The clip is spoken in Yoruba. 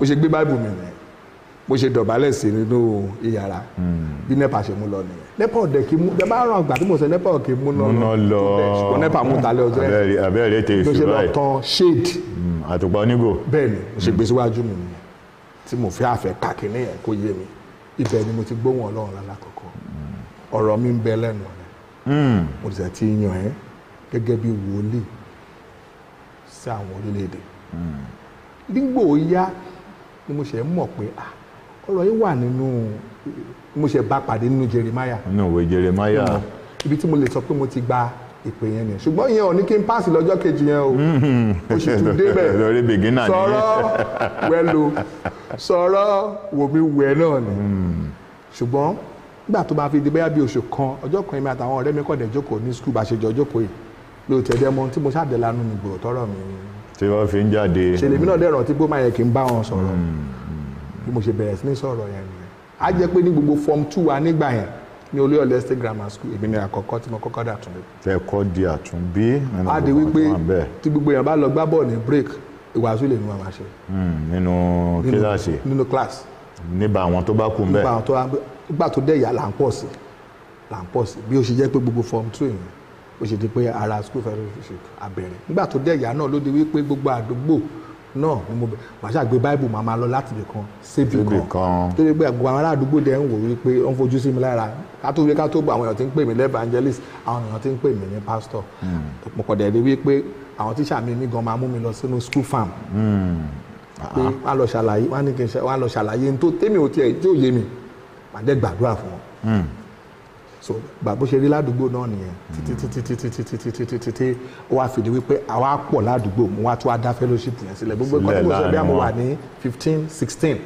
mo ṣe gbé báìbù mi nìyẹn mo ṣe dọ̀bálẹ̀ sí nínú ìyàrá hmm. bí nepa ṣe mú lọ nìyẹn nepa ọ̀dẹ̀ kì í mú ẹ bá ràn àgbà tí mo sọ nepa ọ̀kì mú náà lọ ṣùgbọ́n nepa mú talẹ́ ọjọ́ ẹ̀ abẹ́rẹ́ ètè ìṣúra ẹ̀ ló ṣe lọ tan shade hmm, àtùpà onígò bẹ́ẹ̀ ni mo ṣe gbé hmm. síwájú mi nìyẹn tí mo fẹ́ àfẹ́ kàkínní ẹ̀ kó yé mi ibẹ̀ ni mo ti gbóhùn ọlọ́run lálákọ̀ọ́kọ́ ọ̀rọ̀ mi ń bẹ lẹ́nu rẹ̀ mo sì ti yan ẹ́ gẹ́gẹ́ bí wòlíì sí àwọn orílẹ̀-èdè nígbò yá ni mo ṣe mọ̀ pé ọ̀rọ̀ yìí wà nínú mo ṣe bá pàdé nínú Jeremiah. nínú ìwé Jeremiah. ibi tí mo lè sọ pé mo ti gba ìpè yẹn ni ṣùgbọ́n ìyẹn ò ní kí n páàsì lọ́jọ́ kejì yẹn o oṣù tún débẹ̀ sọ̀rọ̀ wẹ́lo sọ̀rọ̀ wòmí wẹ́ náà ni hmm. ṣùgbọ́n nígbà tó bá fi di bóyá bí oṣù kan ọjọ́ kan èmi àtàwọn ọ̀rẹ́ mi kọ̀dẹ̀ jókòó ní skul bá ṣe jọ jókòó yìí lóòótọ́ ẹ̀dẹ́mọ tí mo ṣàdé lanu nìgbò tọ́rọ̀ mi tí wọ́n fi ń jáde. ṣèlè mi náà dẹ̀ rántí pé ó máa yẹ kí n bá wọn sọ̀rọ̀ hmm, hmm. bí mo ṣe bẹ̀rẹ̀ sí ní sọ̀rọ̀ yẹn nìyẹn á jẹ́ pé ní gbogbo form two wa nígbà yẹn ní Olúyọ̀lé State Grammar School èmi ni àkọ́kọ́ tí mo kọ́kọ́ dà tún bí. tẹ kọ́ di àtúnbí nínú gbogbo àwọn bẹ́ẹ̀. á di wípé tí gbogbo yẹn bá lọ gbá bọ́ọ̀lù ní break ìwàásù lè ní wọn máa ṣe. Hmm, nínú kíláàsì nínú kíláàsì. níbà àwọn tó bá kú mbẹ. nígbà tó dẹ̀ yà là ń pọ̀ sí là ń pọ̀ sí bí ó ṣe jẹ́ pé gbogbo form two yẹn ó ṣe di pé ara school fellowship àbẹ̀rẹ̀ nígbà tó dẹ̀ yà náà ló di wípé gbogbo àdúgbò náà ni mo màá ṣàgbé báìbù màá máa lọ láti ibì kan síbì kan tó dé pé àgbo àwọn ará àdúgbò dẹ̀ ń wò wípé ó ń fojú sí mi lára ká tó wí ká tó bọ̀ àwọn èèyàn ti ń pè mí lẹ́vangelist àwọn èèyàn ti ń pè mí ní pastor hmm. mo kọ̀ dẹ̀ rí wípé àwọn tíṣà mi mi gan máa mú mi lọ sínú school farm hmm. pé ah. wọ́n á lọ ṣàlàyé wọ́n á ní kí n ṣe wọ́n á lọ ṣàlàyé ní tó tèmi ò tiẹ̀ tí ò yé mi màá dẹ̀ gbàdúrà fún wọn hmm so bàbá ṣe rí ládùúgbò náà nìyẹn títí títí títí títí títí títí tí ó wá fìdí wípé àwa pọ̀ ládùúgbò mo wá tún wá dá fellowship yẹn sílẹ̀ gbogbo ìkọ́ni mo sọ bí i àmọ́ wà ní fifteen sixteen